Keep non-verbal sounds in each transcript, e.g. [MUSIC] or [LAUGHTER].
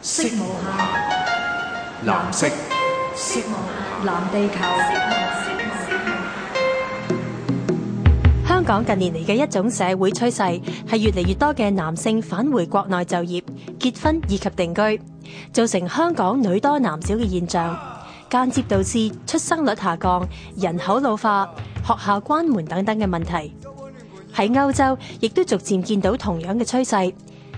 色母下，藍色，色母藍地球。香港近年嚟嘅一種社會趨勢，係越嚟越多嘅男性返回國內就業、結婚以及定居，造成香港女多男少嘅現象，間接導致出生率下降、人口老化、學校關門等等嘅問題。喺歐洲，亦都逐漸見到同樣嘅趨勢。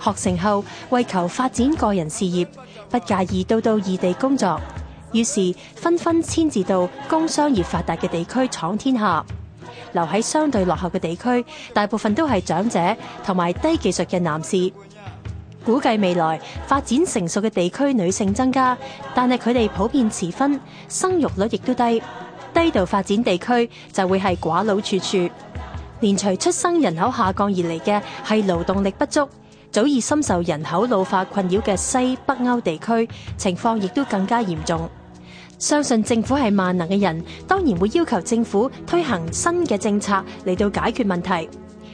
學成後，為求發展個人事業，不介意到到異地工作，於是紛紛遷至到工商業發達嘅地區闖天下。留喺相對落後嘅地區，大部分都係長者同埋低技術嘅男士。估計未來發展成熟嘅地區女性增加，但係佢哋普遍遲婚，生育率亦都低。低度發展地區就會係寡佬處處，連隨出生人口下降而嚟嘅係勞動力不足。早已深受人口老化困擾嘅西北歐地區，情況亦都更加嚴重。相信政府係萬能嘅人，當然會要求政府推行新嘅政策嚟到解決問題。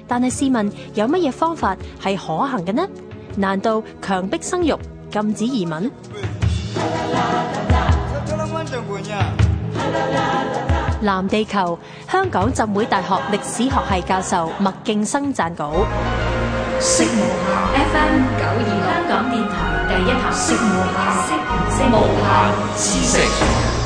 但係試問，有乜嘢方法係可行嘅呢？難道強逼生育、禁止移民？ [MUSIC] 藍地球，香港浸會大學歷史學系教授麥勁生撰稿。識無限 FM 九二六香港電台第一台。識無限，識式無限，識無限，知